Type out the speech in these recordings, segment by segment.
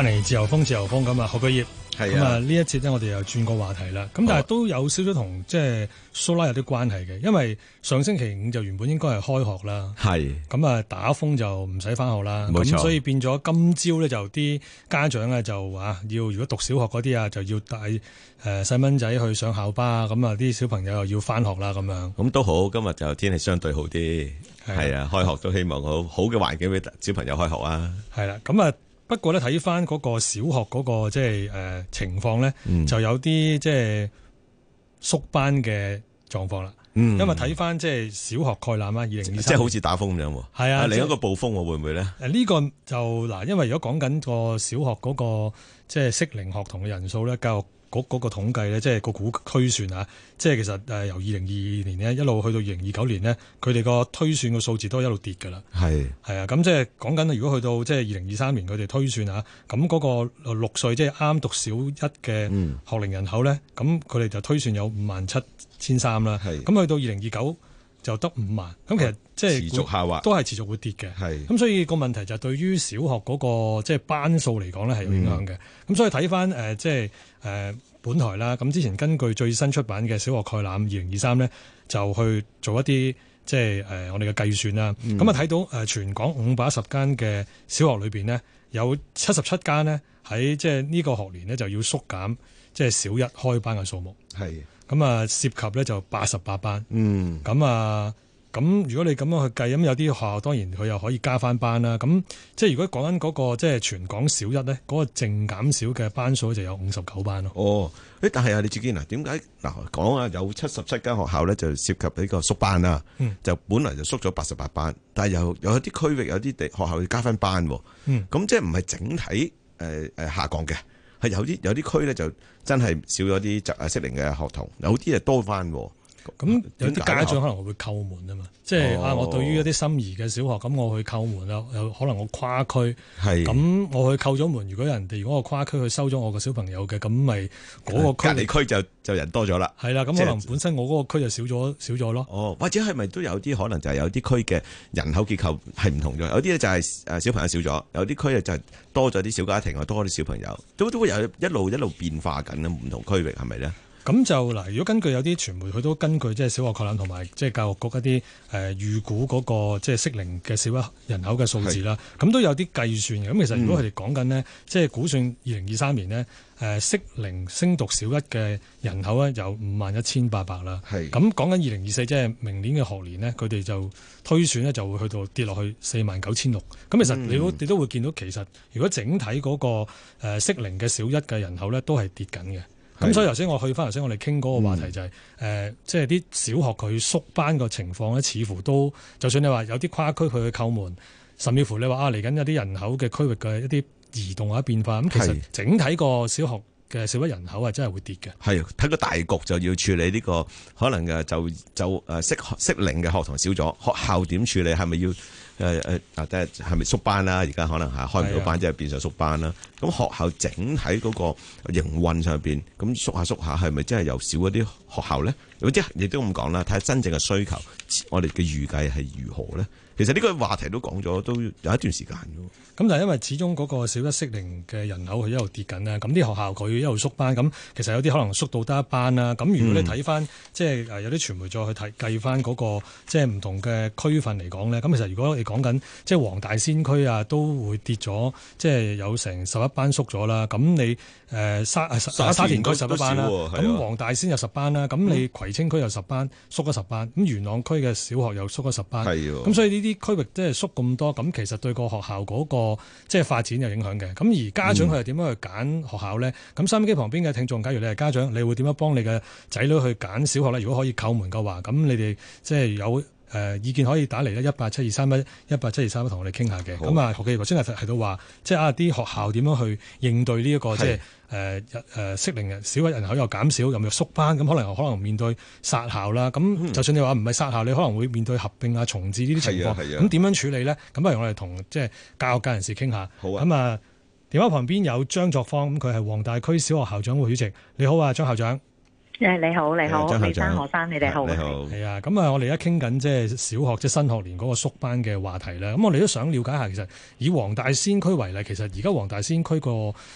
翻嚟自由風，自由風，咁啊，學畢業，咁啊，呢一節咧，我哋又轉個話題啦。咁但係都有少少同即係蘇拉有啲關係嘅，因為上星期五就原本應該係開學啦，係咁啊，打風就唔使翻學啦，冇錯，所以變咗今朝咧就啲家長啊就話，要如果讀小學嗰啲啊就要帶誒細蚊仔去上校巴，咁啊啲小朋友又要翻學啦咁樣，咁都好，今日就天氣相對好啲，係啊，啊開學都希望好好嘅環境俾小朋友開學啊，係啦，咁啊。嗯嗯嗯不過咧睇翻嗰個小學嗰個即係誒情況咧，嗯、就有啲即係縮班嘅狀況啦。嗯，因為睇翻即係小學概覽啊，二零二三即係好似打風咁喎。係啊，另一個暴風，就是、會唔會咧？誒，呢個就嗱，因為如果講緊個小學嗰、嗰個即係適齡學童嘅人數咧，教育。嗰嗰個統計咧，即係個股推算啊，即係其實誒由二零二二年呢一路去到二零二九年呢，佢哋個推算個數字都係一路跌㗎啦。係係啊，咁即係講緊如果去到即係二零二三年，佢哋推算啊，咁嗰個六歲即係啱讀小一嘅學齡人口咧，咁佢哋就推算有五萬七千三啦。係咁是去到二零二九。就得五萬，咁其實即係持續下滑，都係持續會跌嘅。係咁是，所以個問題就係對於小學嗰、那個即係、就是、班數嚟講咧，係有影響嘅。咁、嗯、所以睇翻誒即係誒本台啦，咁之前根據最新出版嘅小學概覽二零二三咧，就去做一啲即係誒我哋嘅計算啦。咁啊睇到誒全港五百一十間嘅小學裏邊呢,有七十七間呢喺即係呢個學年呢就要縮減即係小一開班嘅數目。係是。咁啊，涉及咧就八十八班。嗯，咁啊，咁如果你咁樣去計，咁有啲學校當然佢又可以加翻班啦。咁即係如果講緊嗰個即係全港小一咧，嗰個淨減少嘅班數就有五十九班咯。哦，誒，但係啊，你自己嗱點解嗱講啊有七十七間學校咧就涉及呢個縮班啊？嗯，就本來就縮咗八十八班，但係又又有啲區域有啲地學校要加翻班。嗯，咁即係唔係整體誒誒下降嘅。有啲有啲區真係少咗啲疾啊適齡嘅學童，有啲就多返。咁有啲家長可能會扣門啊嘛，即係啊，我對於一啲心儀嘅小學，咁我去扣門啦，有可能我跨區，咁是的 我去扣咗門。如果人哋如果我跨區去收咗我個小朋友嘅，咁咪嗰個隔離區就就人多咗啦。係啦，咁可能本身我嗰個區就少咗少咗咯。哦，或者係咪都有啲可能就係有啲區嘅人口結構係唔同咗，有啲咧就係誒小朋友少咗，有啲區啊就係多咗啲小家庭啊，多啲小，小朋友，都都會有一,一路一路變化緊唔同區域係咪咧？是咁就嗱，如果根據有啲傳媒，佢都根據即係小學概覽同埋即係教育局一啲誒預估嗰、那個即係適齡嘅小一人口嘅數字啦，咁是都有啲計算嘅。咁其實如果佢哋講緊呢，嗯、即係估算二零二三年呢誒適齡升讀小一嘅人口咧有五萬一千八百啦。咁講緊二零二四，即係明年嘅學年呢，佢哋就推算呢就會去到跌落去四萬九千六。咁其實你都、嗯、你都會見到，其實如果整體嗰個誒適齡嘅小一嘅人口咧，都係跌緊嘅。咁所以頭先我去返，頭先我哋傾嗰個話題就係、是、誒、嗯呃，即係啲小學佢縮班嘅情況咧，似乎都就算你話有啲跨區佢去叩門，甚至乎你話啊嚟緊有啲人口嘅區域嘅一啲移動或者變化，咁其實整體個小學嘅少額人口係真係會跌嘅。係啊，睇個大局就要處理呢、這個可能嘅就就誒適適齡嘅學堂少咗，學校點處理係咪要？誒誒，嗱即係係咪縮班啦？而家可能係開唔到班，的即係變成縮班啦。咁學校整喺嗰個營運上邊，咁縮下縮下，係咪真係又少一啲學校咧？或者亦都咁講啦，睇下真正嘅需求，我哋嘅預計係如何咧？其實呢個話題都講咗，都有一段時間咯。咁但係因為始終嗰個小一適齡嘅人口佢一路跌緊啊，咁啲學校佢一路縮班，咁其實有啲可能縮到得一班啦。咁如果你睇翻、嗯、即係有啲傳媒再去睇計翻嗰、那個即係唔同嘅區份嚟講呢。咁其實如果你講緊即係黃大仙區啊，都會跌咗，即係有成十一班縮咗啦。咁你誒沙沙田區十一班啦，咁黃、啊、大仙又十班啦，咁、啊、你葵青區又十班縮咗十班，咁元朗區嘅小學又縮咗十班，咁、啊、所以呢啲。啲區域即係縮咁多，咁其實對個學校嗰個即係發展有影響嘅。咁而家長佢係點樣去揀學校呢？咁、嗯、收音機旁邊嘅聽眾，假如你係家長，你會點樣幫你嘅仔女去揀小學呢？如果可以叩門嘅話，咁你哋即係有。誒意見可以打嚟咧一八七二三一一八七二三一，同我哋傾下嘅。咁啊，何記者頭先係提到話，即係啊啲學校點樣去應對呢、這、一個、啊、即係誒誒適齡人少嘅人口又減少，又縮班，咁可能可能面對殺校啦。咁就算你話唔係殺校，你可能會面對合併啊、重置呢啲情況。咁點、啊啊、樣處理呢？咁不如我哋同即係教育界人士傾下。好啊。咁啊，電話旁邊有張作芳，咁佢係黃大區小學校長會主席。你好啊，張校長。誒，你好，你好，張校長、李生、何生，你哋好。Yeah, 你好，係啊，咁啊，我哋而家傾緊即係小學即係新學年嗰個縮班嘅話題啦。咁我哋都想了解下，其實以黃大仙區為例，其實而家黃大仙區個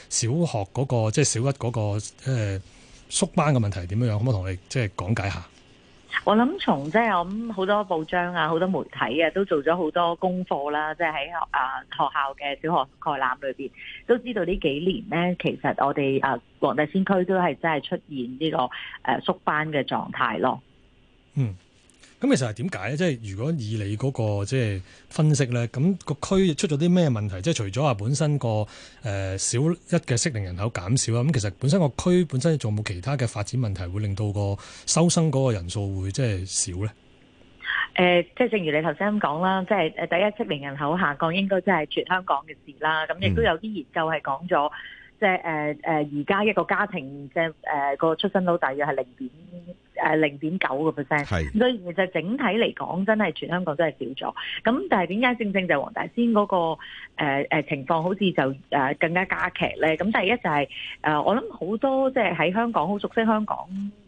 小學嗰那個即係、就是、小一嗰那個誒縮、呃、班嘅問題點樣樣？可唔可以同你即係講解下？我諗從即係我諗，好多報章啊，好多媒體啊，都做咗好多功課啦。即係喺啊學校嘅小學概覽裏邊，都知道呢幾年咧，其實我哋啊黃大仙區都係真係出現呢、這個誒縮、啊、班嘅狀態咯。嗯。咁其實係點解咧？即係如果以你嗰個即係分析咧，咁、那個區出咗啲咩問題？即係除咗話本身個誒小、呃、一嘅適齡人口減少啦，咁其實本身個區本身仲冇其他嘅發展問題，會令到個收生嗰個人數會即係少咧？誒，即係、呃、正如你頭先咁講啦，即係誒第一適齡人口下降，應該即係全香港嘅事啦。咁亦都有啲研究係講咗，即係誒誒，而、呃、家一個家庭嘅誒個出生率大約係零點。誒零點九個 percent，所以其實整體嚟講，真係全香港真係少咗。咁但係點解正正就係黃大仙嗰、那個誒、呃呃、情況好似就誒、呃、更加加劇咧？咁第一就係、是、誒、呃、我諗好多即係喺香港好熟悉香港。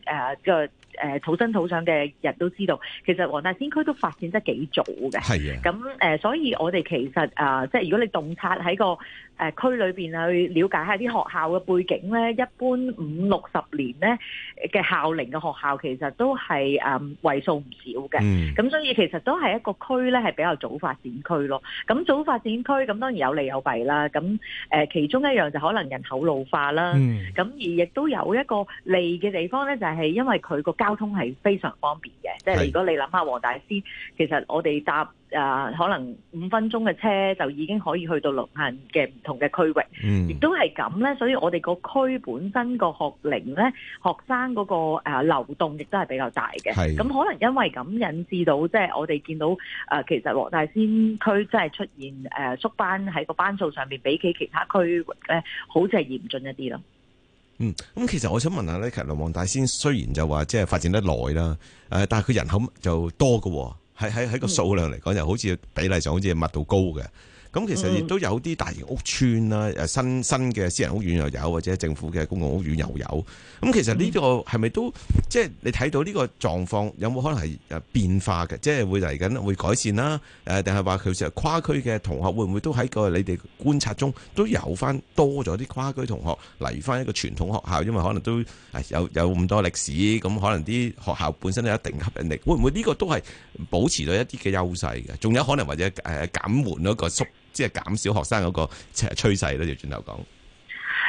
誒個誒土生土長嘅人都知道，其實黃大仙區都發展得幾早嘅。係啊的，咁誒、呃，所以我哋其實啊、呃，即係如果你洞察喺個誒區裏邊去了解下啲學校嘅背景咧，一般五六十年咧嘅校齡嘅學校，其實都係誒為數唔少嘅。咁、嗯、所以其實都係一個區咧，係比較早發展區咯。咁早發展區咁當然有利有弊啦。咁誒、呃、其中一樣就可能人口老化啦。咁、嗯、而亦都有一個利嘅地方咧，就係、是。係因為佢個交通係非常方便嘅，即係如果你諗下黃大仙，其實我哋搭誒、呃、可能五分鐘嘅車就已經可以去到龍行嘅唔同嘅區域，亦都係咁呢，所以我哋個區本身個學齡呢，學生嗰、那個誒、呃、流動亦都係比較大嘅。咁是可能因為咁引致到，即係我哋見到誒、呃，其實黃大仙區真係出現誒縮、呃、班喺個班數上面比起其他區咧、呃，好似係嚴峻一啲咯。嗯，咁其實我想問下咧，其實黃大仙雖然就話即係發展得耐啦，誒，但係佢人口就多㗎，喺喺喺個數量嚟講就好似比例上好似密度高嘅。咁其實亦都有啲大型屋邨啦，誒，新新嘅私人屋苑又有，或者政府嘅公共屋苑又有。咁其實呢個係咪都即係你睇到呢個狀況有冇可能係誒變化嘅？即係會嚟緊會改善啦，誒定係話其實跨區嘅同學會唔會都喺個你哋觀察中都有翻多咗啲跨區同學嚟翻一個傳統學校，因為可能都有有咁多歷史，咁可能啲學校本身有一定吸引力。會唔會呢個都係保持咗一啲嘅優勢嘅？仲有可能或者誒減緩一個縮即係減少學生嗰個趨勢咧，就轉頭講。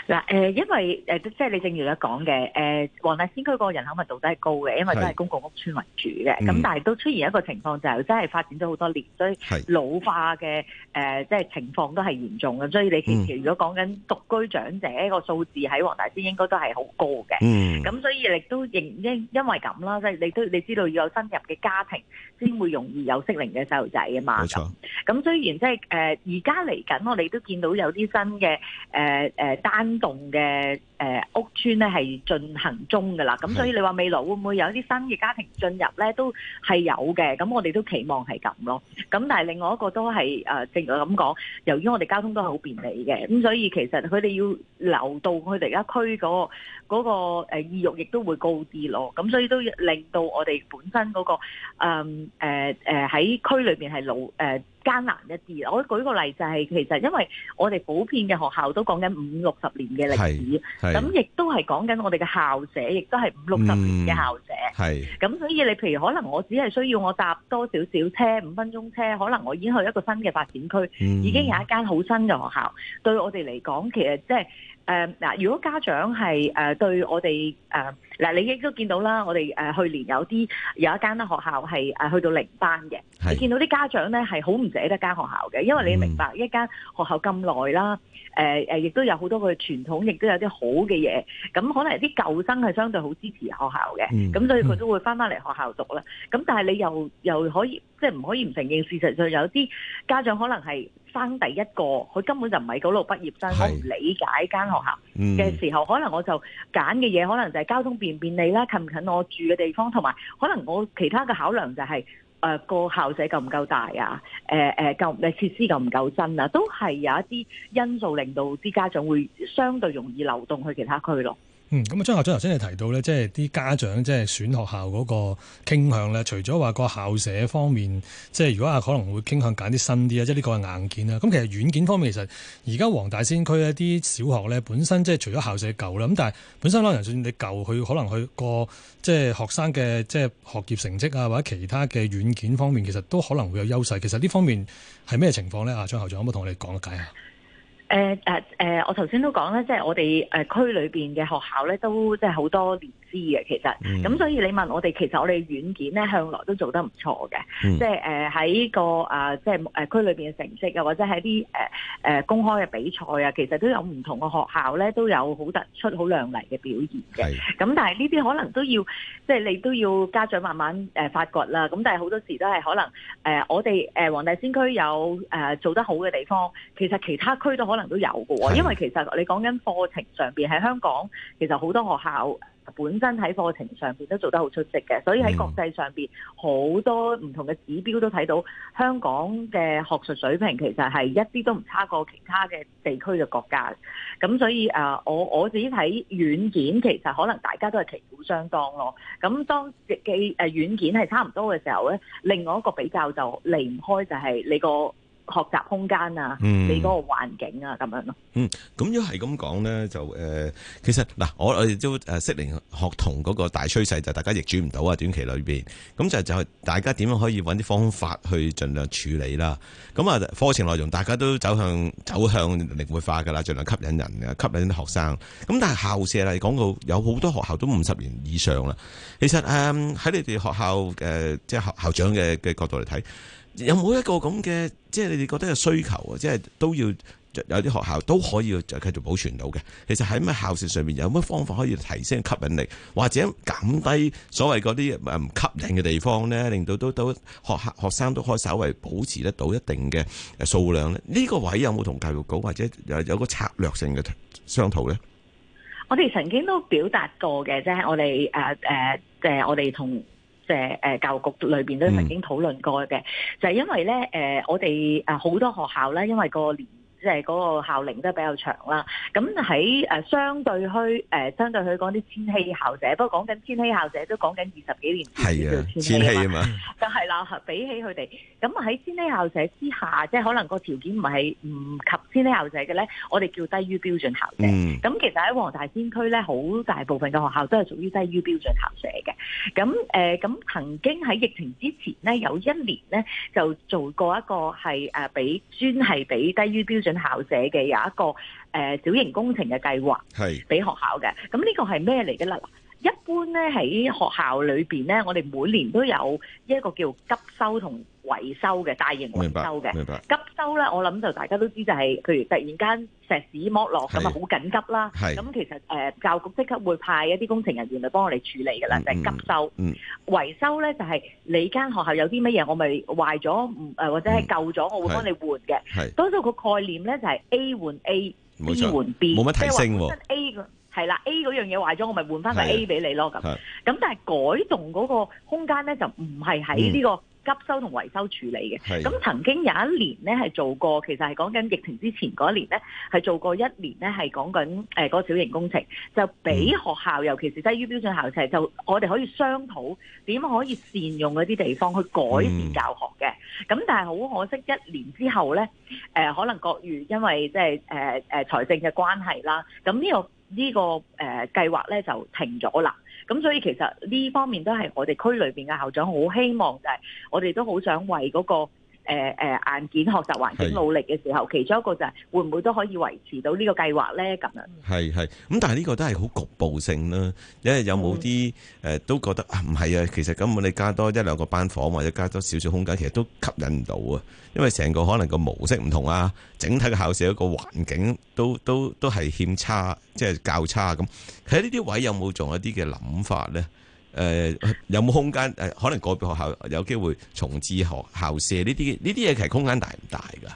嗱誒、呃，因為誒、呃、即係你正如佢講嘅，誒、呃、黃大仙區個人口密度都係高嘅，因為都係公共屋邨為主嘅。咁、嗯、但係都出現一個情況就係，真係發展咗好多年，所以老化嘅誒、呃、即係情況都係嚴重嘅。所以你其實如果講緊獨居長者個數字喺黃大仙應該都係好高嘅。咁、嗯、所以亦都應因因為咁啦，即係你都你知道要有新入嘅家庭先會容易有適齡嘅細路仔啊嘛。冇錯。咁雖然即係誒而家嚟緊，呃、我哋都見到有啲新嘅誒誒單。動嘅。誒、呃、屋邨咧係進行中㗎啦，咁、嗯、所以你話未來會唔會有一啲新嘅家庭進入咧，都係有嘅。咁我哋都期望係咁咯。咁但係另外一個都係誒、呃，正如咁講，由於我哋交通都係好便利嘅，咁、嗯、所以其實佢哋要留到佢哋而家區嗰、那個嗰、那個、意欲亦都會高啲咯。咁所以都令到我哋本身嗰、那個誒誒喺區裏邊係老誒、呃、艱難一啲。我舉個例就係、是、其實因為我哋普遍嘅學校都講緊五六十年嘅歷史。咁、嗯、亦都係講緊我哋嘅校舍，亦都係五六十年嘅校舍。係、嗯，咁所以你譬如可能我只係需要我搭多少少車，五分鐘車，可能我已經去一個新嘅發展區，已經有一間好新嘅學校。對我哋嚟講，其實即、就、係、是。誒嗱、呃，如果家長係誒、呃、對我哋誒嗱，你亦都見到啦，我哋誒、呃、去年有啲有一間咧學校係誒、呃、去到零班嘅，是你見到啲家長咧係好唔捨得間學校嘅，因為你明白一間學校咁耐啦，誒、呃、誒亦都有好多嘅傳統，亦都有啲好嘅嘢，咁可能啲舊生係相對好支持學校嘅，咁、嗯、所以佢都會翻翻嚟學校讀啦。咁、嗯、但係你又又可以。即係唔可以唔承認，事實上有啲家長可能係生第一個，佢根本就唔係嗰度畢業生。是我唔理解間學校嘅時候，嗯、可能我就揀嘅嘢可能就係交通便唔便利啦，近唔近我住嘅地方，同埋可能我其他嘅考量就係誒個校舍夠唔夠大啊？誒誒夠唔誒設施夠唔夠新啊？都係有一啲因素令到啲家長會相對容易流動去其他區咯。嗯，咁啊，張校長頭先你提到咧，即係啲家長即係選學校嗰個傾向咧，除咗話個校舍方面，即係如果話可能會傾向揀啲新啲咧，即係呢個係硬件啦。咁其實軟件方面，其實而家黃大仙區一啲小學咧，本身即係除咗校舍舊啦，咁但係本身可能就算你舊，佢可能佢個即係學生嘅即係學業成績啊，或者其他嘅軟件方面，其實都可能會有優勢。其實呢方面係咩情況咧？啊，張校長可唔可以同我哋講解一下？誒誒誒，我頭先都講啦，即係我哋誒區裏邊嘅學校咧，都即係好多年資嘅其實。咁所以你問我哋，其實我哋軟件咧向來都做得唔錯嘅。嗯、即係誒喺個啊，即係誒區裏邊嘅成績啊，或者喺啲誒誒公開嘅比賽啊，其實都有唔同嘅學校咧都有好突出、好亮麗嘅表現嘅。咁是但係呢啲可能都要，即、就、係、是、你都要家長慢慢誒發掘啦。咁但係好多時都係可能誒、啊，我哋誒黃大仙區有誒、啊、做得好嘅地方，其實其他區都可。可能都有嘅，因為其實你講緊課程上邊，喺香港其實好多學校本身喺課程上邊都做得好出色嘅，所以喺國際上邊好多唔同嘅指標都睇到香港嘅學術水平其實係一啲都唔差過其他嘅地區嘅國家。咁所以誒，我我自己睇軟件，其實可能大家都係旗鼓相當咯。咁當既誒軟件係差唔多嘅時候咧，另外一個比較就離唔開就係你個。學習空間啊，嗯、你嗰個環境啊，咁樣咯。嗯，咁要係咁講咧，就誒、呃，其實嗱、呃，我我都誒，適、啊、齡學童嗰個大趨勢就大家亦逆轉唔到啊，短期裏邊，咁就就大家點樣可以揾啲方法去盡量處理啦。咁啊，課程內容大家都走向走向靈活化噶啦，盡量吸引人啊，吸引啲學生。咁、啊、但係校舍嚟你講到有好多學校都五十年以上啦。其實誒，喺、呃、你哋學校誒，即係校校長嘅嘅角度嚟睇。有冇一個咁嘅，即係你哋覺得有需求啊？即係都要有啲學校都可以就繼續保存到嘅。其實喺咩校舍上面，有咩方法可以提升吸引力，或者減低所謂嗰啲唔吸引嘅地方咧，令到都都學校學生都可以稍微保持得到一定嘅誒數量咧？呢、這個位有冇同教育局或者有有個策略性嘅商討咧？我哋曾經都表達過嘅啫，我哋誒誒，即、呃、係、呃呃、我哋同。即係教育局裏邊都曾經討論過嘅，嗯、就係因為咧，誒、呃，我哋誒好多學校咧，因為個年。即係嗰個校齡都比較長啦，咁喺誒相對去誒、呃、相對去講啲千禧校舍，不過講緊千禧校舍都講緊二十幾年係啊，千禧啊嘛，就係 啦，比起佢哋，咁喺千禧校舍之下，即係可能個條件唔係唔及千禧校舍嘅咧，我哋叫低於標準校舍。嗯。咁其實喺黃大仙區咧，好大部分嘅學校都係屬於低於標準校舍嘅。咁誒，咁、呃、曾經喺疫情之前咧，有一年咧就做過一個係誒俾專係俾低於標準。校舍嘅有一個誒、呃、小型工程嘅計劃，係俾學校嘅。咁呢個係咩嚟嘅啦？一般咧喺學校裏邊咧，我哋每年都有一個叫急修同。維修嘅大型維修嘅，急修咧，我諗就大家都知就係，譬如突然間石屎剝落咁啊，好緊急啦。咁其實誒，教育局即刻會派一啲工程人員嚟幫我哋處理噶啦，就係急修。維修咧就係你間學校有啲乜嘢，我咪壞咗唔誒或者係舊咗，我會幫你換嘅。多數個概念咧就係 A 換 A，B 換 B，即係話 A 係啦，A 嗰樣嘢壞咗，我咪換翻個 A 俾你咯。咁咁但係改動嗰個空間咧就唔係喺呢個。急修同維修處理嘅，咁曾經有一年呢係做過，其實係講緊疫情之前嗰一年呢係做過一年呢係講緊誒嗰小型工程，就俾學校，尤其是低於標準校舍，就我哋可以商討點可以善用嗰啲地方去改善教學嘅。咁但係好可惜，一年之後呢，誒可能國語因為即係誒誒財政嘅關係啦，咁呢個。呢個誒計劃咧就停咗啦，咁所以其實呢方面都係我哋區裏邊嘅校長好希望，就係我哋都好想為嗰個。誒誒，硬件學習環境努力嘅時候，係，其中一個就係會唔會都可以維持到呢個計劃咧？咁啊，係係咁，但係呢個都係好局部性啦。因為有冇啲誒都覺得啊，唔係啊，其實咁你加多一兩個班房或者加多少少空間，其實都吸引唔到啊。因為成個可能個模式唔同啊，整體嘅校舍一個環境都都都係欠差，即係較差咁。喺呢啲位有冇仲有啲嘅諗法咧？誒有冇空間誒？可能個別學校有機會重置學校舍呢啲呢啲嘢，其實空間大唔大㗎？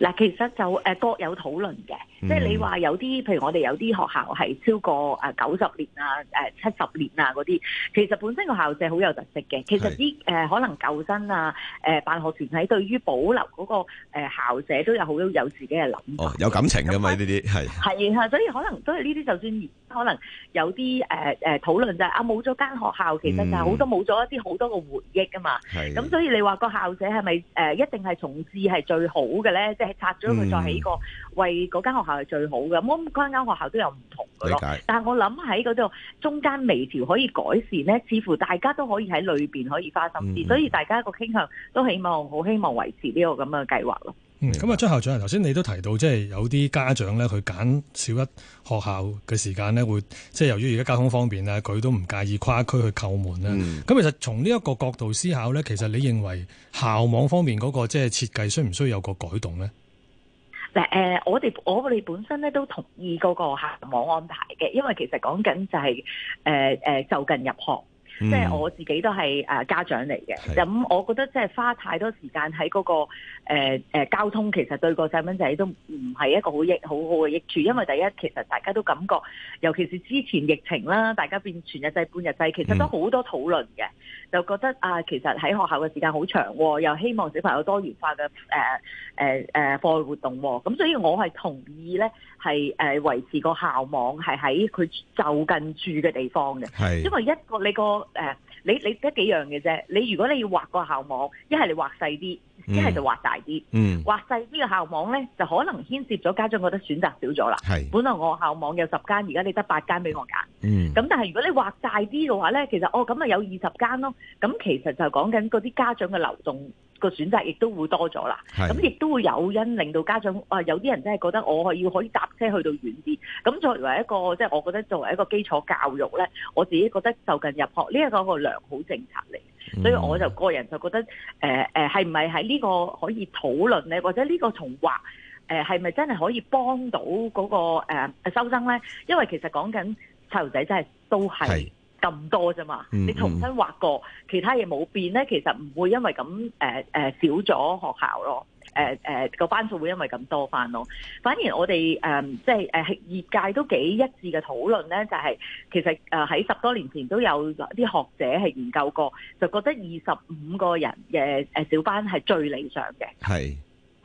嗱，其實就誒各有討論嘅，即係你話有啲，譬如我哋有啲學校係超過誒九十年啊、誒七十年啊嗰啲，其實本身個校舍好有特色嘅。其實啲誒是、呃、可能舊生啊、誒、呃、辦學團體對於保留嗰個校舍都有好、呃、有自己嘅諗法、哦，有感情㗎嘛，呢啲係係啊，所以可能都係呢啲，就算可能有啲誒誒討論就係、是、啊冇咗間學校，其實就係好多冇咗一啲好多個回憶啊嘛。咁是所以你話個校舍係咪誒一定係重置係最好嘅咧？即拆咗佢再起個為嗰間學校係最好嘅，咁嗰間間學校都有唔同嘅咯。理解。但係我諗喺嗰度中間微調可以改善咧，似乎大家都可以喺裏邊可以花心思，嗯、所以大家個傾向都希望好希望維持呢個咁嘅計劃咯。嗯，咁啊，張校長啊，頭先你都提到，即係有啲家長咧，佢揀小一學校嘅時間咧，會即係由於而家交通方便咧，佢都唔介意跨區去叩門咧。咁、嗯、其實從呢一個角度思考咧，其實你認為校網方面嗰個即係設計需唔需要有個改動咧？嗱，誒，我哋我哋本身咧都同意嗰個校網安排嘅，因為其實講緊就係誒誒就近入學。即係、嗯、我自己都係誒家長嚟嘅，咁是、嗯、我覺得即係花太多時間喺嗰、那個誒、呃呃、交通，其實對個細蚊仔都唔係一個好益、好好嘅益處，因為第一其實大家都感覺，尤其是之前疫情啦，大家變全日制半日制，其實都好多討論嘅，就覺得啊、呃，其實喺學校嘅時間好長，又希望小朋友多元化嘅誒誒誒課外活動，咁、嗯、所以我係同意咧，係誒、呃、維持個校網係喺佢就近住嘅地方嘅，是因為一個你一個。誒，uh, 你你得幾樣嘅啫？你如果你要畫個校網，一係你畫細啲，一係就畫大啲。嗯，畫細呢個校網咧，就可能牽涉咗家長覺得選擇少咗啦。係是，本來我校網有十間，而家你得八間俾我揀。嗯，咁但係如果你畫大啲嘅話咧，其實哦咁啊有二十間咯。咁其實就講緊嗰啲家長嘅流動。個選擇亦都會多咗啦，咁亦都會有因令到家長啊，有啲人真係覺得我係要可以搭車去到遠啲，咁作為一個即係、就是、我覺得作為一個基礎教育咧，我自己覺得就近入學呢、這個、一個個良好政策嚟，所以我就個人就覺得誒誒係唔係喺呢個可以討論咧，或者呢個重劃誒係咪真係可以幫到嗰、那個誒收、呃、生咧？因為其實講緊細路仔真係都係。咁多啫嘛，你重新劃過，其他嘢冇變咧，其實唔會因為咁誒誒少咗學校咯，誒誒個班數會因為咁多返咯。反而我哋誒即係誒業界都幾一致嘅討論咧，就係、是、其實誒喺、呃、十多年前都有啲學者係研究過，就覺得二十五個人嘅誒小班係最理想嘅。係。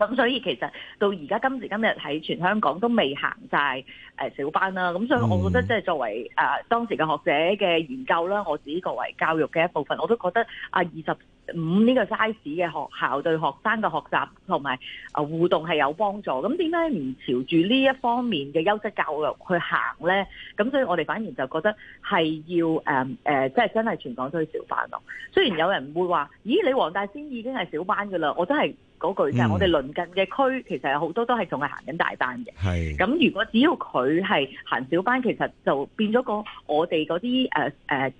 咁、嗯、所以其實到而家今時今日喺全香港都未行晒誒小班啦，咁所以我覺得即係作為誒、呃、當時嘅學者嘅研究啦，我自己作為教育嘅一部分，我都覺得啊二十五呢個 size 嘅學校對學生嘅學習同埋啊互動係有幫助。咁點解唔朝住呢一方面嘅優質教育去行咧？咁所以我哋反而就覺得係要誒誒，即、呃、係、呃、真係全港都要小班咯。雖然有人會話：咦，你黃大仙已經係小班噶啦，我真係。嗰句，但係我哋鄰近嘅區其實有好多都係仲係行緊大班嘅。係咁，如果只要佢係行小班，其實就變咗個我哋嗰啲誒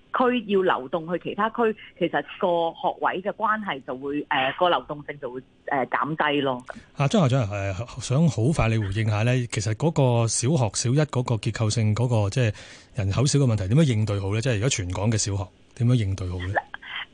誒區要流動去其他區，其實個學位嘅關係就會誒個流動性就會誒減低咯。阿張校長誒想好快你回應下咧，其實嗰個小學小一嗰個結構性嗰個即係人口少嘅問題點樣應對好咧？即係而家全港嘅小學點樣應對好咧？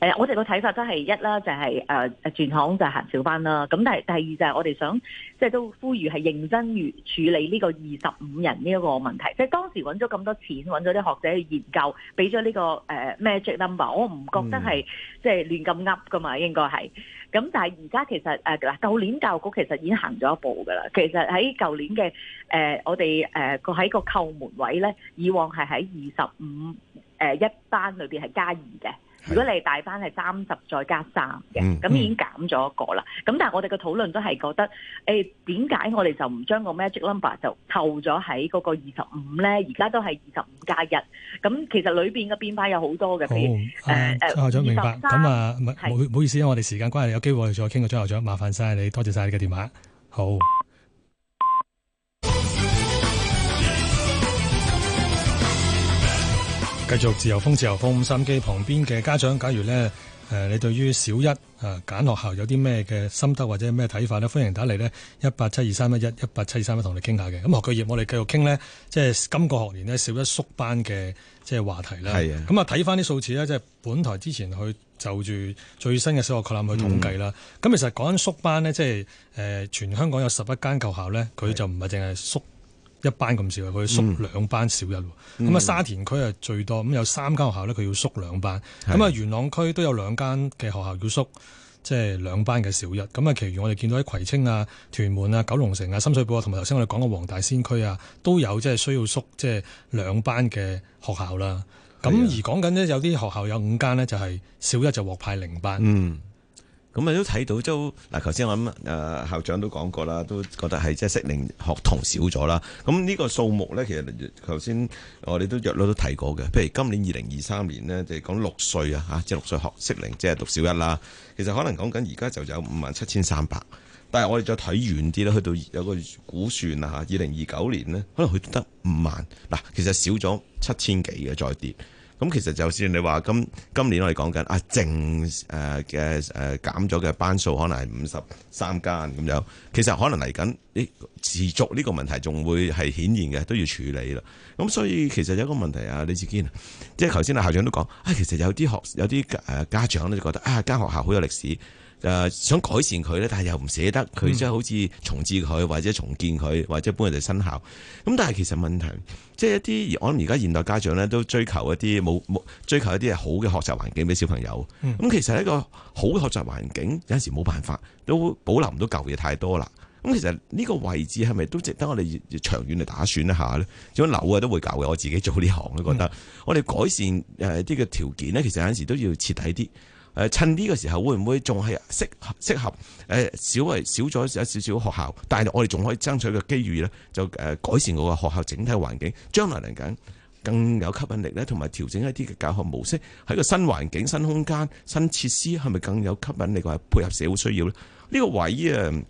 係、呃、我哋個睇法都係一啦，就係誒誒全行就行小班啦。咁但係第二就係我哋想，即係都呼籲係認真處處理呢個二十五人呢一個問題。即係當時揾咗咁多錢，揾咗啲學者去研究，俾咗呢個誒 magic、呃、number，我唔覺得係即係亂咁噏㗎嘛，應該係。咁但係而家其實誒嗱，舊、呃、年教育局其實已經行咗一步㗎啦。其實喺舊年嘅誒、呃、我哋誒個喺個扣門位咧，以往係喺二十五誒一班裏邊係加二嘅。如果你係大班係三十再加三嘅，咁已經減咗一個啦。咁但係我哋嘅討論都係覺得，誒點解我哋就唔將個 magic number 就扣咗喺嗰個二十五咧？而家都係二十五加一。咁其實裏邊嘅變化有好多嘅，比如誒誒二十三。咁啊，唔好唔好意思，因為我哋時間關係，有機會我哋再傾嘅張校長，麻煩曬你，多謝曬你嘅電話。好。繼續自由風，自由風，心機旁邊嘅家長，假如呢，誒、呃，你對於小一誒揀、呃、學校有啲咩嘅心得或者咩睇法呢？歡迎打嚟呢，一八七二三一一一八七二三一，同你哋傾下嘅。咁學句業，我哋繼續傾呢，即係今個學年呢，小一縮班嘅即係話題啦。係啊的，咁啊睇返啲數字呢，即係本台之前去就住最新嘅小學概覽去統計啦。咁、嗯、其實講緊縮班呢，即係誒、呃，全香港有十一間舊校呢，佢就唔係淨係縮。一班咁少，佢縮兩班小一咁啊！嗯、沙田區係最多咁，有三間學校咧，佢要縮兩班。咁啊，元朗區都有兩間嘅學校要縮，即係兩班嘅小一。咁啊，其餘我哋見到喺葵青啊、屯門啊、九龍城啊、深水埗啊，同埋頭先我哋講嘅黃大仙區啊，都有即係需要縮，即係兩班嘅學校啦。咁的而講緊呢，有啲學校有五間呢，就係、是、小一就獲派零班。的咁啊都睇到，就嗱，頭先我諗誒校長都講過啦，都覺得係即係適齡學童少咗啦。咁呢個數目咧，其實頭先我哋都約咗都睇過嘅。譬如今年二零二三年呢，就係講六歲啊，嚇，即係六歲學適齡，即係讀小一啦。其實可能講緊而家就有五萬七千三百，但係我哋再睇遠啲咧，去到有個估算啊嚇，二零二九年呢，可能去到得五萬。嗱，其實少咗七千幾嘅，再跌。咁其實就算你話今今年我哋講緊啊淨誒嘅誒減咗嘅班數可能係五十三間咁樣，其實可能嚟緊呢持續呢個問題仲會係顯現嘅，都要處理啦。咁所以其實有一個問題啊，李志堅，即係頭先阿校長都講，啊其實有啲學有啲誒家長咧覺得啊間學校好有歷史。誒、呃，想改善佢咧，但係又唔捨得佢，即係、嗯、好似重置佢，或者重建佢，或者搬佢哋新校。咁但係其實問題，即、就、係、是、一啲我諗而家現代家長咧，都追求一啲冇冇追求一啲好嘅學習環境俾小朋友。咁、嗯、其實一個好嘅學習環境，有陣時冇辦法都保留唔到舊嘢太多啦。咁其實呢個位置係咪都值得我哋越長遠嚟打算一下咧？如果樓啊都會舊嘅，我自己做呢行都覺得，我哋改善誒啲嘅條件咧，其實有陣時都要徹底啲。誒、呃，趁呢個時候會唔會仲係適適合？誒、呃，少係少咗一少少學校，但係我哋仲可以爭取個機遇咧，就誒改善我個學校整體環境，將來嚟緊更有吸引力咧，同埋調整一啲嘅教學模式，喺個新環境、新空間、新設施，係咪更有吸引力？配合社會需要咧，呢、這個位啊，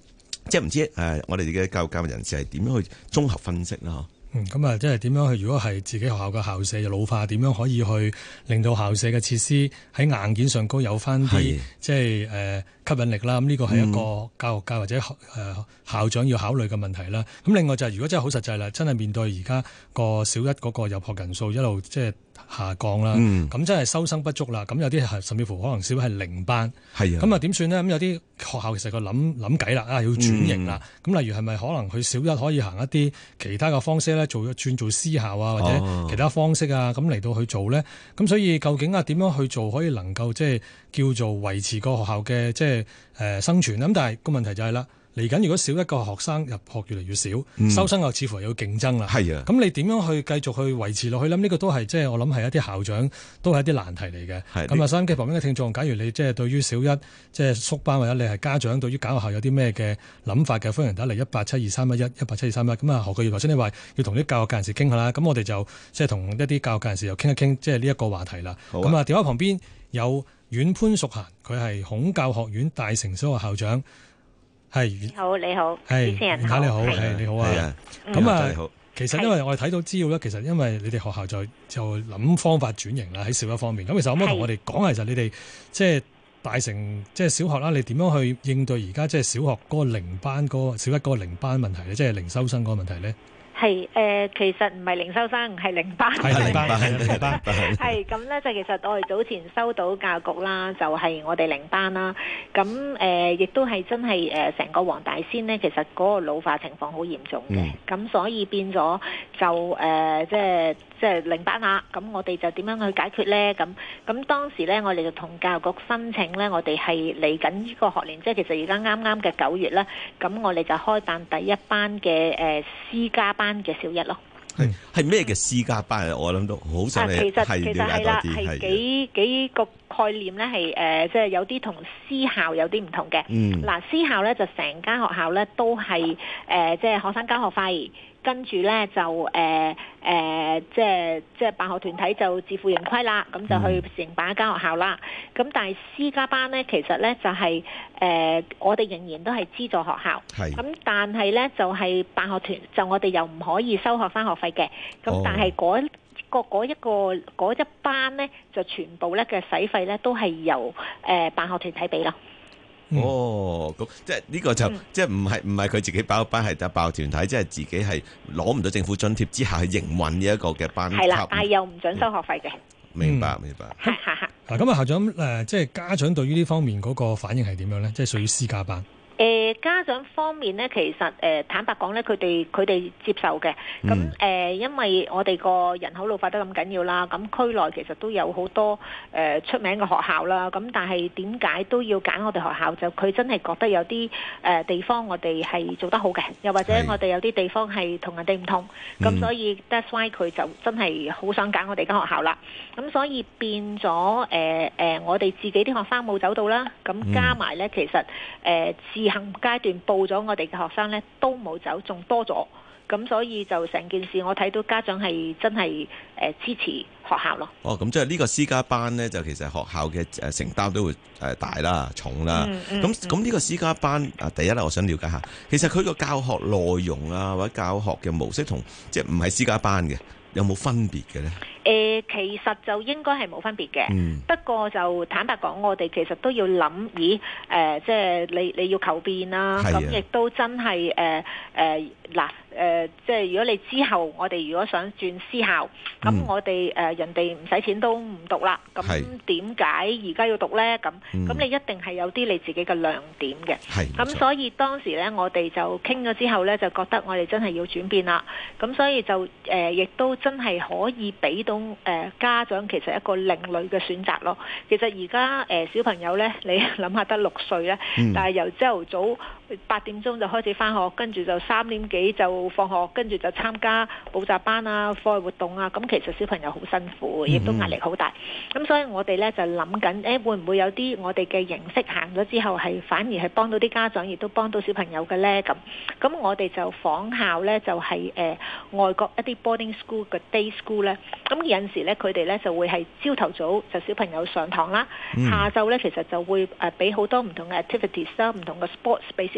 即係唔知誒、呃，我哋嘅教育教育人士係點樣去綜合分析啦？嗯，咁啊，即係點樣去？如果係自己學校嘅校舍老化，點樣可以去令到校舍嘅設施喺硬件上高有翻啲的即係誒、呃、吸引力啦？咁、這、呢個係一個教育界或者誒校長要考慮嘅問題啦。咁、嗯、另外就係、是、如果真係好實際啦，真係面對而家個小一嗰個入學人數一路即係，下降啦，咁、嗯、真係收生不足啦，咁有啲係甚至乎可能少係零班，咁啊點算呢？咁有啲學校其實個諗諗計啦，啊要轉型啦，咁、嗯、例如係咪可能佢小一可以行一啲其他嘅方式咧，做轉做，做私校啊，或者其他方式啊，咁嚟到去做咧？咁所以究竟啊點樣去做可以能夠即係、就是、叫做維持個學校嘅即係誒生存咧？咁但係個問題就係、是、啦。嚟緊，如果小一個學生入學越嚟越少，嗯、收生又似乎有競爭啦。係啊的，咁你點樣去繼續維去維持落去？諗、這、呢個都係即係我諗係一啲校長都係一啲難題嚟嘅。係咁啊，收音機旁邊嘅聽眾，假如你即係對於小一即係縮班或者你係家長，對於減學校有啲咩嘅諗法嘅，歡迎打嚟一八七二三一一，一八七二三一。咁啊，何巨業頭先你話要同啲教育界人士傾下啦。咁我哋就即係同一啲教育界人士又傾一傾，即係呢一個話題啦。咁啊，電話旁邊有袁潘淑嫻，佢係孔教學院大成小學校長。係好是你好，你好是主持人好，唔該你好，係、啊啊、你好啊。咁啊，其實因為我哋睇到資料咧，啊、其實因為你哋學校就就諗方法轉型啦，喺小一方面。咁其實可唔可以同我哋講，其實、啊、你哋即係大成，即、就、係、是、小學啦，你點樣去應對而家即係小學嗰個零班嗰個小一嗰個零班問題咧？即、就、係、是、零收生嗰個問題咧？係誒，其實唔係零收生，係零班。係零班，係零班。係咁咧，就其實我哋早前收到教育局啦，就係我哋零班啦。咁誒，亦都係真係誒，成個黃大仙咧，其實嗰個老化情況好嚴重嘅。咁所以變咗就誒，即係。即係零班額，啊，咁我哋就點樣去解決咧？咁咁當時咧，我哋就同教育局申請咧，我哋係嚟緊呢個學年，即係其實而家啱啱嘅九月啦。咁我哋就開辦第一班嘅誒，呃、私家班嘅小一咯。係咩嘅私家班、嗯、啊？我諗都好細。其實其實係啦，係幾的幾個概念咧，係、呃、誒，即係有啲同私校有啲唔同嘅。嗱、嗯，私校咧就成間學校咧都係誒，呃，即係學生交學費。跟住呢，就誒誒、呃呃，即係即係辦學團體就自負盈虧啦，咁就去承辦一間學校啦。咁但係私家班呢，其實呢就係、是、誒、呃，我哋仍然都係資助學校。係。咁但係呢，就係、是、辦學團，就我哋又唔可以收學翻學費嘅。哦。咁但係嗰一個嗰一班呢，就全部咧嘅使費呢，都係由誒、呃、辦學團體俾啦。嗯、哦，咁即係呢個就、嗯、即係唔係唔係佢自己包班，係特辦團體，即係自己係攞唔到政府津貼之下去營運，去營運呢一個嘅班。係啦，但係又唔准收學費嘅。嗯、明白，明白。嗱，咁啊校長誒，即、呃、係、就是、家長對於呢方面嗰個反應係點樣咧？即係屬於私家班。誒家長方面咧，其實誒坦白講咧，佢哋佢哋接受嘅。咁誒，因為我哋個人口老化得咁緊要啦，咁區內其實都有好多誒出名嘅學校啦。咁但係點解都要揀我哋學校？就佢真係覺得有啲誒地方我哋係做得好嘅，又或者我哋有啲地方係同人哋唔同。咁所以 that's why 佢就真係好想揀我哋間學校啦。咁所以變咗誒誒，我哋自己啲學生冇走到啦。咁加埋咧，其實誒自行階段報咗我哋嘅學生呢，都冇走，仲多咗，咁所以就成件事我睇到家長係真係誒支持學校咯。哦，咁即係呢個私家班呢，就其實學校嘅誒承擔都會誒大啦，重，嗯、啦。咁咁呢個私家班，第一咧，我想了解下，其實佢個教學內容啊，或者教學嘅模式同即係唔係私家班嘅？有冇分別嘅咧？誒、呃，其實就應該係冇分別嘅。嗯、不過就坦白講，我哋其實都要諗，咦？誒、呃，即係你你要求變啦、啊。咁亦、啊、都真係誒誒嗱誒，即係如果你之後我哋如果想轉私校，咁、嗯、我哋誒、呃、人哋唔使錢都唔讀啦。係。咁點解而家要讀咧？咁咁、嗯、你一定係有啲你自己嘅亮點嘅。係。咁所以當時咧，我哋就傾咗之後咧，就覺得我哋真係要轉變啦。咁所以就誒，亦、呃、都。真係可以俾到誒、呃、家長，其實一個另類嘅選擇咯。其實而家誒小朋友咧，你諗下得六歲咧，但係由朝頭早。8 giờ trưa 就開始返 học，跟着就3 giờ kém 就放 học，跟着就參加補習班啦，課外活動啦，咁其實小朋友好辛苦，亦都壓力好大，咁所以我哋咧就諗緊，誒會唔會有啲我哋嘅形式行咗之後係反而係幫到啲家長，亦都幫到小朋友嘅咧咁，咁我哋就訪校咧就係誒外國一啲 boarding school 嘅 day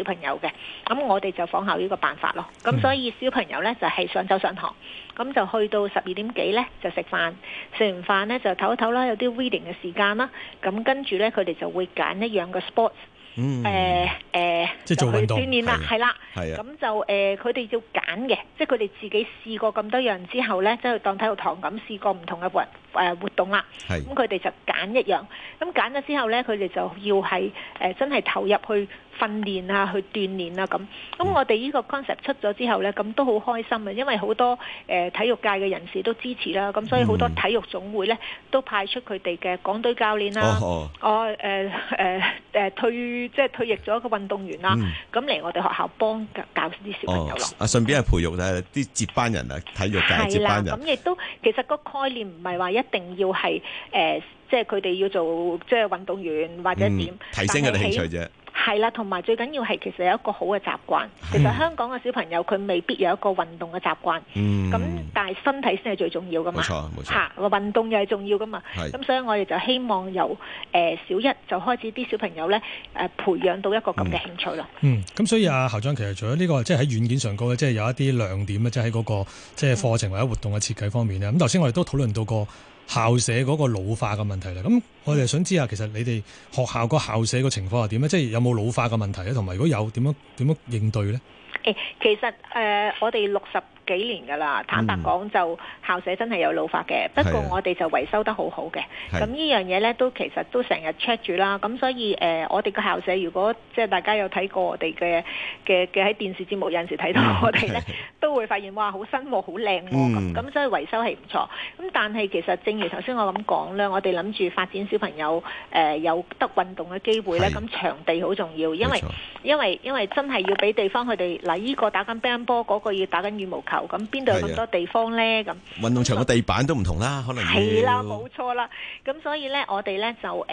小朋友嘅，咁我哋就仿效呢個辦法咯。咁所以小朋友呢，就係上晝上堂，咁就去到十二點幾呢，就食飯，食完飯呢，就唞一唞啦有啲 reading 嘅時間啦。咁跟住呢，佢哋就會揀一樣嘅 sports，誒誒，即係做運動，係啦，係啊。咁就誒佢哋要揀嘅，即係佢哋自己試過咁多樣之後呢，即係當體育堂咁試過唔同嘅運動。誒活動啦，咁佢哋就揀一樣，咁揀咗之後呢，佢哋就要係誒真係投入去訓練啊，去鍛鍊啊咁。咁我哋呢個 concept 出咗之後呢，咁都好開心啊，因為好多誒體育界嘅人士都支持啦，咁所以好多體育總會呢，都派出佢哋嘅港隊教練啦、哦，哦誒誒誒退即係退役咗個運動員啦，咁嚟、嗯、我哋學校幫教啲小朋友咯。啊、哦，順便係培育呢啲接班人啊，體育界，接班人。係啦，咁亦都其實個概念唔係話一。一定要係誒，即係佢哋要做即係運動員或者點提升佢哋興趣啫。係啦，同埋最緊要係其實有一個好嘅習慣。其實香港嘅小朋友佢未必有一個運動嘅習慣。咁但係身體先係最重要噶嘛。冇錯，冇錯。嚇，運動又係重要噶嘛。咁所以我哋就希望由誒小一就開始啲小朋友呢誒培養到一個咁嘅興趣啦。嗯，咁所以啊校長其實除咗呢個即係喺軟件上邊上高咧，即係有一啲亮點咧，即係喺嗰個即係課程或者活動嘅設計方面咧。咁頭先我哋都討論到個校舍嗰個老化嘅問題咧，咁我哋想知下，其實你哋學校個校舍個情況係點咧？即係有冇老化嘅問題咧？同埋如果有點樣點樣應對咧？誒，其實誒、呃，我哋六十。幾年㗎啦，坦白講就校舍真係有老化嘅，不過我哋就維修得好好嘅。咁呢樣嘢呢，都其實都成日 check 住啦。咁所以誒，我哋個校舍如果即係大家有睇過我哋嘅嘅嘅喺電視節目有陣時睇到我哋呢，都會發現，哇好新喎，好靚喎咁。咁所以維修係唔錯。咁但係其實正如頭先我咁講咧，我哋諗住發展小朋友誒有得運動嘅機會呢，咁場地好重要，因為因為因為真係要俾地方佢哋嗱，呢個打緊乒乓波，嗰個要打緊羽毛球。咁邊度有咁多地方呢？咁運動場嘅地板都唔同啦，可能係啦，冇錯啦。咁所以呢，我哋呢就誒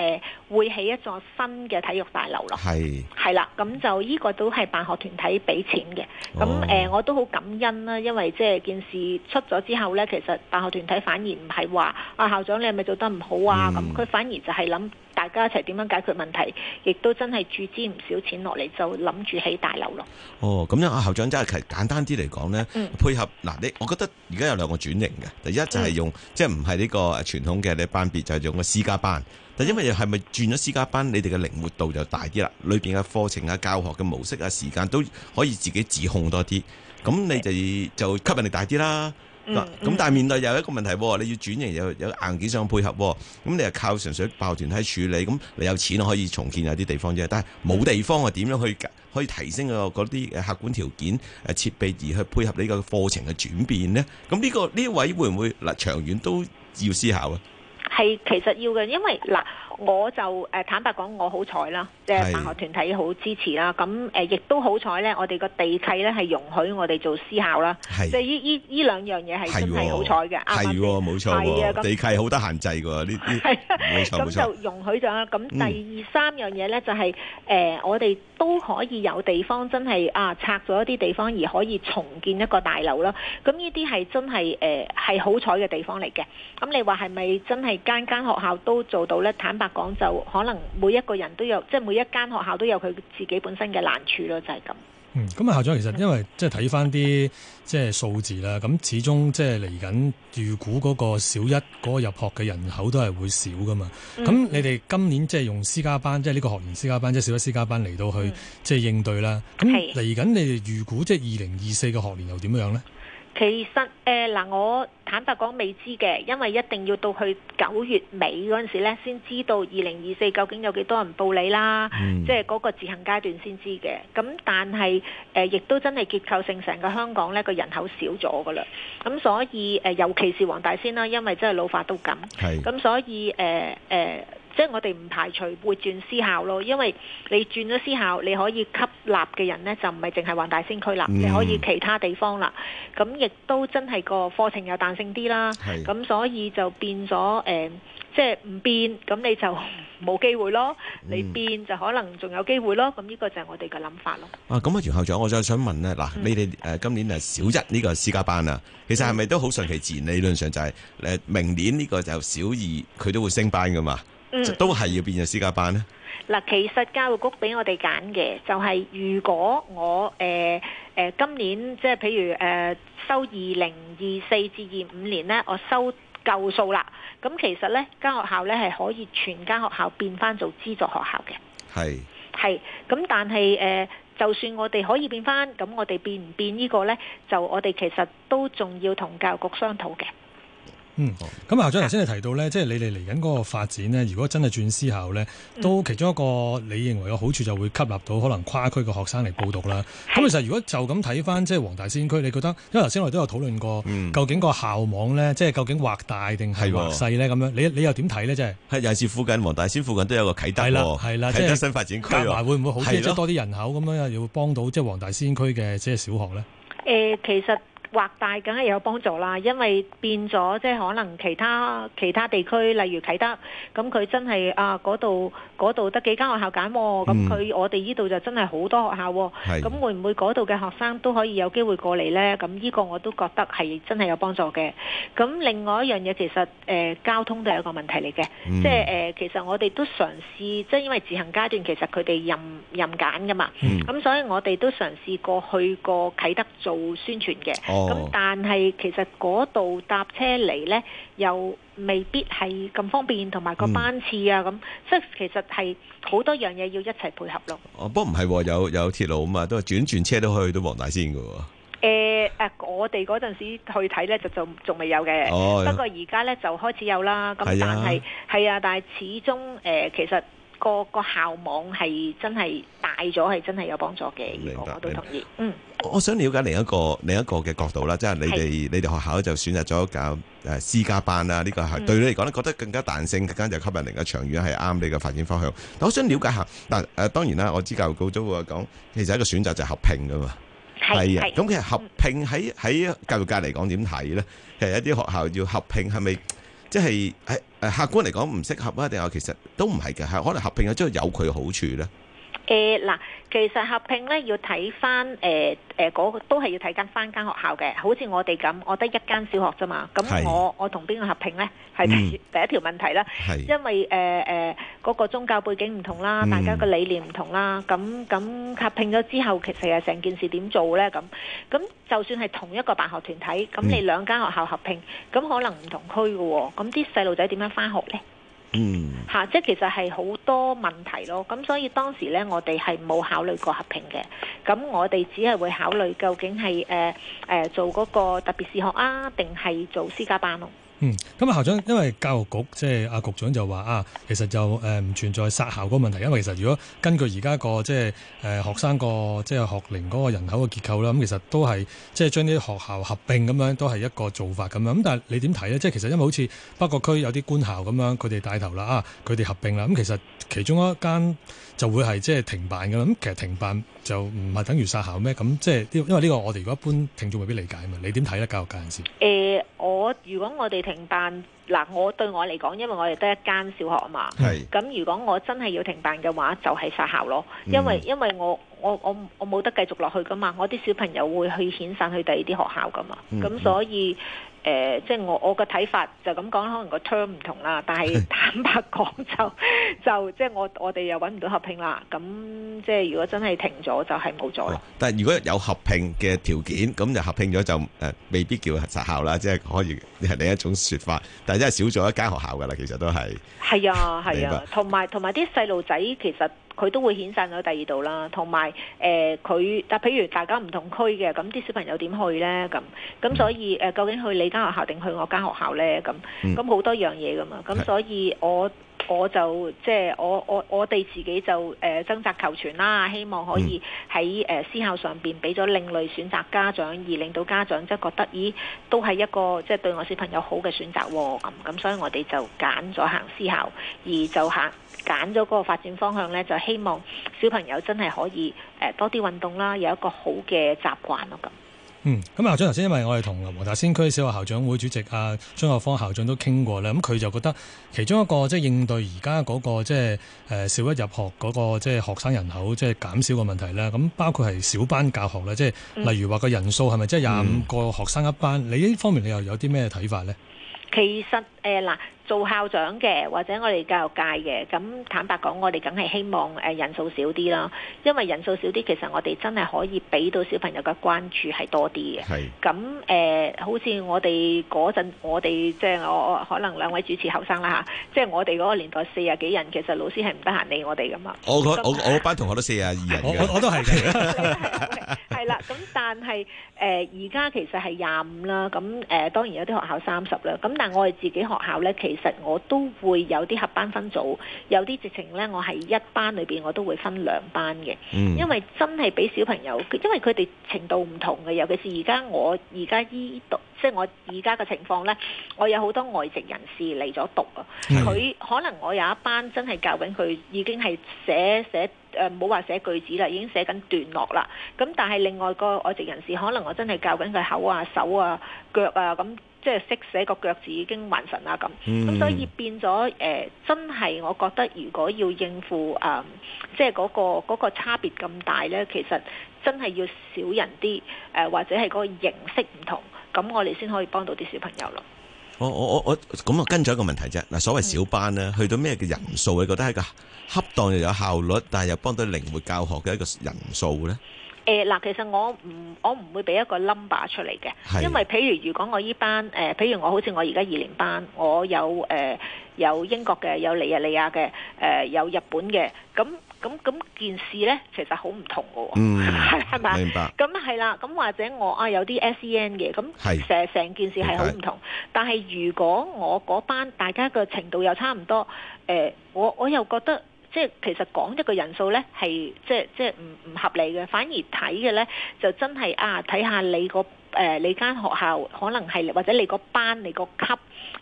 會起一座新嘅體育大樓咯。係係啦，咁就呢個都係辦學團體俾錢嘅。咁誒、哦呃，我都好感恩啦，因為即係件事出咗之後呢，其實辦學團體反而唔係話啊校長你係咪做得唔好啊？咁佢、嗯、反而就係諗，大家一齊點樣解決問題，亦都真係注資唔少錢落嚟，就諗住起大樓咯。哦，咁樣啊，校長真係其實簡單啲嚟講呢，嗯、配合嗱你，我覺得而家有兩個轉型嘅，第一就係用、嗯、即係唔係呢個傳統嘅你班別，就係、是、用個私家班。嗯、但因為係咪轉咗私家班，你哋嘅靈活度就大啲啦，裏邊嘅課程啊、教學嘅模式啊、時間都可以自己自控多啲。咁你哋就吸引力大啲啦。嗯嗯咁、嗯嗯、但係面對又有一個問題，你要轉型有有硬件上配合，咁你係靠純粹爆團體處理，咁你有錢可以重建有啲地方啫，但係冇地方啊，點樣去可以提升個嗰啲客觀條件、誒設備而去配合你個課程嘅轉變呢？咁呢、呢個呢位會唔會嗱、呃，長遠都要思考啊？係，其實要嘅，因為嗱。我就誒坦白講，我好彩啦，即係辦學團體好支持啦。咁誒，亦都好彩咧，我哋個地契咧係容許我哋做私校啦。係即係依依依兩樣嘢係真係好彩嘅。係喎，冇錯喎，地契好得限制㗎呢啲。係啊，冇錯冇錯，咁就容許咗。咁第二三樣嘢咧，就係誒我哋都可以有地方真係啊拆咗一啲地方而可以重建一個大樓啦。咁依啲係真係誒係好彩嘅地方嚟嘅。咁你話係咪真係間間學校都做到咧？坦白講就可能每一個人都有，即係每一間學校都有佢自己本身嘅難處咯，就係、是、咁。嗯，咁啊，校長，其實因為 即係睇翻啲即係數字啦。咁始終即係嚟緊預估嗰個小一嗰個入學嘅人口都係會少㗎嘛。咁、嗯、你哋今年即係用私家班，即係呢個學年私家班，即係小一私家班嚟到去、嗯、即係應對啦。咁嚟緊你哋預估的即係二零二四嘅學年又點樣咧？其實誒嗱、呃，我坦白講未知嘅，因為一定要到去九月尾嗰陣時咧，先知道二零二四究竟有幾多人報你啦，嗯、即係嗰個自行階段先知嘅。咁但係誒、呃，亦都真係結構性成個香港咧，個人口少咗噶啦。咁所以誒、呃，尤其是黃大仙啦，因為真係老化到咁。係是。咁所以誒誒。呃呃即係我哋唔排除會轉私校咯，因為你轉咗私校，你可以吸納嘅人咧就唔係淨係黃大仙區啦，你可以其他地方啦。咁亦都真係個課程有彈性啲啦。咁所以就變咗誒，即係唔變，咁你就冇機會咯。你變就可能仲有機會咯。咁呢個就係我哋嘅諗法咯。啊，咁啊，袁校長，我再想問咧，嗱，你哋誒今年誒小一呢個私家班啊，其實係咪都好順其自然？理論上就係誒明年呢個就小二佢都會升班噶嘛？都係要變咗私家班呢？嗱、嗯，其實教育局俾我哋揀嘅就係，如果我誒誒、呃呃、今年即係譬如誒、呃、收二零二四至二五年呢，我收夠數啦，咁其實呢間學校呢係可以全間學校變翻做資助學校嘅。係係咁，但係誒、呃，就算我哋可以變翻，咁我哋變唔變呢個呢，就我哋其實都仲要同教育局商討嘅。嗯，咁校長頭先你提到咧，即係你哋嚟緊嗰個發展咧，如果真係轉私校咧，都其中一個你認為嘅好處就會吸納到可能跨區嘅學生嚟報讀啦。咁其實如果就咁睇翻即係黃大仙區，你覺得因為頭先我哋都有討論過，究竟個校網咧，即係究竟劃大定係劃細咧？咁的樣你你又點睇咧？即係係尤其是附近黃大仙附近都有個啟德喎，啟德新發展區喎，夾埋會唔會好即係的多啲人口咁樣，又會幫到即係黃大仙區嘅即係小學咧？誒、呃，其實。劃大梗係有幫助啦，因為變咗即係可能其他其他地區，例如啟德，咁佢真係啊嗰度嗰度得幾間學校揀喎，咁佢我哋呢度就真係好多學校喎，咁會唔會嗰度嘅學生都可以有機會過嚟呢？咁呢個我都覺得係真係有幫助嘅。咁另外一樣嘢其實誒交通都係一個問題嚟嘅，即係誒其實我哋都嘗試，即係因為自行階段其實佢哋任任揀㗎嘛，咁所以我哋都嘗試過去過啟德做宣傳嘅。咁、哦、但係其實嗰度搭車嚟呢，又未必係咁方便，同埋個班次啊，咁即係其實係好多樣嘢要一齊配合咯。啊、哦，不過唔係有有鐵路啊嘛，都係轉轉車都可以去到黃大仙噶、哦。誒、欸啊、我哋嗰陣時去睇呢，就仲未有嘅，哦、不過而家呢，就開始有啦。咁但係係啊，啊，但係始終誒、呃，其實。個個校網係真係大咗，係真係有幫助嘅。我都同意。嗯，我想了解另一個另一個嘅角度啦，即係你哋你哋學校就選擇咗教誒私家班啦。呢個係對你嚟講咧，覺得更加彈性，更加就吸引，更加長遠係啱你嘅發展方向。但我想了解下，但誒，當然啦，我知教育局都會講，其實一個選擇就係合併噶嘛。係啊。咁其實合併喺喺教育界嚟講點睇咧？其實一啲學校要合併，係咪？即係誒誒客觀嚟講唔適合啊，定係其實都唔係嘅，係可能合併咗之後有佢好處咧。誒嗱、呃，其實合併咧要睇翻誒誒都係要睇間翻間學校嘅，好似我哋咁，我得一間小學咋嘛，咁我的我同邊個合併咧？係第，嗯、第一條問題啦，的因為誒誒嗰個宗教背景唔同啦，嗯、大家個理念唔同啦，咁咁合併咗之後，其實係成件事點做咧？咁咁就算係同一個辦學團體，咁你兩間學校合併，咁、嗯、可能唔同區嘅喎、哦，咁啲細路仔點樣翻學咧？嗯，吓，即係其實係好多問題咯，咁所以當時咧，我哋係冇考慮過合併嘅，咁我哋只係會考慮究竟係誒誒做嗰個特別試學啊，定係做私家班咯、啊。嗯，咁、嗯、啊校長，因為教育局即係阿局長就話啊，其實就誒唔、呃、存在殺校嗰個問題，因為其實如果根據而家個即係誒、呃、學生個即係學齡嗰個人口嘅結構啦，咁、嗯、其實都係即係將啲學校合併咁樣，都係一個做法咁樣。咁但係你點睇咧？即係其實因為好似北角區有啲官校咁樣，佢哋帶頭啦啊，佢哋合併啦。咁、嗯、其實其中一間就會係即係停辦㗎啦，咁其實停辦就唔係等於殺校咩？咁即係因為呢個我哋如果一般聽眾未必理解啊嘛，你點睇呢？教育界人士？誒，我如果我哋停辦嗱，我對我嚟講，因為我哋得一間小學啊嘛，係咁。如果我真係要停辦嘅話，就係殺校咯，因為因為我我我我冇得繼續落去噶嘛，我啲小朋友會去遣散去第二啲學校噶嘛，咁所以。誒、呃，即係我我嘅睇法就咁講可能個 term 唔同啦，但係坦白講就就即係我我哋又揾唔到合併啦。咁即係如果真係停咗，就係冇咗啦。但係如果有合併嘅條件，咁就合併咗就誒、呃，未必叫殺校啦，即係可以係另一種説法。但係真係少咗一間學校噶啦，其實都係。係啊，係啊，同埋同埋啲細路仔其實。佢都會遣散咗第二度啦，同埋誒，佢、呃，但譬如大家唔同區嘅，咁啲小朋友點去咧？咁咁所以誒、呃，究竟去你間學校定去我間學校咧？咁咁好多樣嘢噶嘛，咁、嗯、所以我。我就即係我我我哋自己就誒掙扎求全啦，希望可以喺誒、呃、私校上邊俾咗另類選擇家長，而令到家長即係覺得咦都係一個即係、就是、對我小朋友好嘅選擇、哦，咁，咁所以我哋就揀咗行私校，而就行揀咗嗰個發展方向咧，就希望小朋友真係可以誒、呃、多啲運動啦，有一個好嘅習慣咯咁。嗯，咁校長頭先，因為我哋同黃大仙區小學校長會主席阿、啊、張學芳校長都傾過咧，咁、嗯、佢就覺得其中一個即係、就是、應對而家嗰個即係誒小一入學嗰、那個即係、就是、學生人口即係、就是、減少嘅問題咧，咁包括係小班教學咧，即、就、係、是、例如話個人數係咪即係廿五個學生一班？嗯、你呢方面你又有啲咩睇法咧？其實誒嗱。呃做校長嘅或者我哋教育界嘅，咁坦白講，我哋梗係希望誒人數少啲啦，因為人數少啲，其實我哋真係可以俾到小朋友嘅關注係多啲嘅。係是。咁誒、呃，好似我哋嗰陣，我哋即係我可能兩位主持後生啦吓，即係我哋嗰個年代四十幾人，其實老師係唔得閒理我哋噶嘛。我我班同學都四十二人嘅， 我都係嘅。係 啦， 咁但係誒而家其實係廿五啦，咁誒、呃、當然有啲學校三十啦，咁但係我哋自己學校咧，其實其實我都會有啲合班分組，有啲直情咧，我係一班裏邊我都會分兩班嘅，因為真係俾小朋友，因為佢哋程度唔同嘅，尤其是而家我而家醫讀，即係我而家嘅情況咧，我有好多外籍人士嚟咗讀啊，佢可能我有一班真係教緊佢已經係寫寫誒，唔好、呃、話寫句子啦，已經寫緊段落啦，咁但係另外個外籍人士可能我真係教緊佢口啊、手啊、腳啊咁。即係識寫個腳字已經還神啦咁，咁所以變咗誒、呃，真係我覺得如果要應付誒、呃，即係嗰、嗰個嗰個差別咁大呢，其實真係要少人啲誒、呃，或者係嗰個形式唔同，咁我哋先可以幫到啲小朋友咯。我我我我咁啊跟住一個問題啫。嗱，所謂小班呢，去到咩嘅人數？你覺得係個恰當又有效率，但係又幫到靈活教學嘅一個人數呢？誒嗱、呃，其實我唔我唔會俾一個 number 出嚟嘅，因為譬如如果我依班誒、呃，譬如我好似我而家二年班，我有誒、呃、有英國嘅，有尼日利亞嘅，誒、呃、有日本嘅，咁咁咁件事咧，其實好唔同嘅喎、哦，係咪咁係啦，咁或者我啊有啲 SEN 嘅，咁成成件事係好唔同。明白 但係如果我嗰班大家嘅程度又差唔多，誒、呃、我我，我又覺得。即係其實講一個人數咧，係即係即係唔唔合理嘅，反而睇嘅咧就真係啊，睇下你個誒你間學校可能係或者你個班、你個級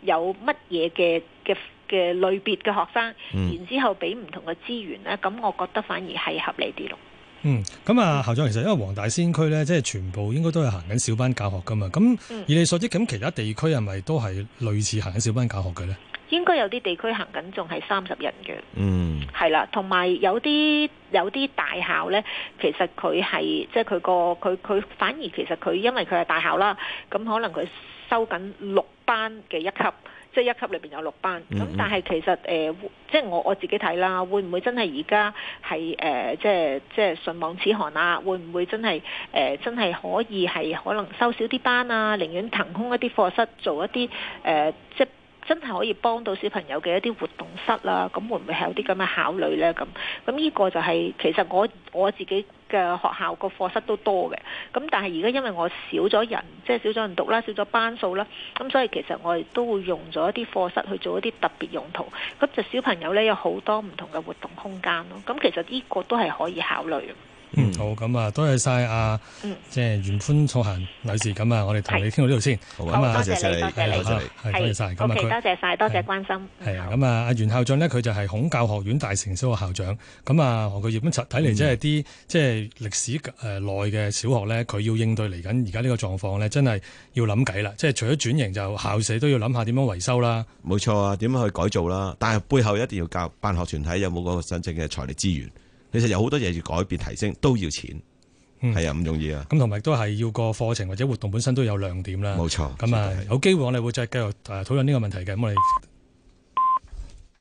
有乜嘢嘅嘅嘅類別嘅學生，然之後俾唔同嘅資源咧，咁我覺得反而係合理啲咯。嗯，咁啊校長，其實因為黃大仙區咧，即係全部應該都係行緊小班教學噶嘛，咁以你所知咁其他地區係咪都係類似行緊小班教學嘅咧？應該有啲地區行緊仲係三十人嘅，嗯，係啦，同埋有啲有啲大校咧，其實佢係即係佢個佢佢反而其實佢因為佢係大校啦，咁可能佢收緊六班嘅一級，即係一級裏邊有六班，咁、嗯、但係其實誒、呃，即係我我自己睇啦，會唔會真係而家係誒，即係即係唇亡齒寒啊？會唔會真係誒、呃，真係可以係可能收少啲班啊？寧願騰空一啲課室做一啲誒、呃，即真係可以幫到小朋友嘅一啲活動室啦、啊，咁會唔會係有啲咁嘅考慮呢？咁咁呢個就係、是、其實我我自己嘅學校個課室都多嘅，咁但係而家因為我少咗人，即係少咗人讀啦，少咗班數啦，咁所以其實我亦都會用咗一啲課室去做一啲特別用途，咁就小朋友呢，有好多唔同嘅活動空間咯。咁其實呢個都係可以考慮。嗯，好，咁啊，多謝晒啊，即係袁潘淑嫻女士，咁啊，我哋同你傾到呢度先，好啊，多謝晒，你，多謝晒，咁啊，多謝晒，多謝關心，係啊，咁啊，阿袁校長呢，佢就係孔教學院大成小學校長，咁啊，佢業本睇嚟即係啲，即係歷史誒內嘅小學呢，佢要應對嚟緊而家呢個狀況呢，真係要諗計啦，即係除咗轉型，就校舍都要諗下點樣維修啦，冇錯啊，點樣去改造啦，但係背後一定要教辦學團體有冇個真正嘅財力資源。其實有好多嘢要改變提升，都要錢，係啊、嗯，唔容易啊。咁同埋都係要個課程或者活動本身都有亮點啦。冇錯，咁啊，有機會我哋會再繼續誒討論呢個問題嘅。咁我哋。